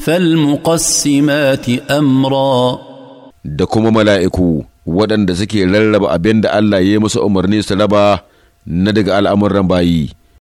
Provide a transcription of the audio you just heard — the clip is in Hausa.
falmuqassimati amra da kuma mala'iku waɗanda suke rarraba abin da Allah ya yi musu umarni su raba na daga al'amuran bayi.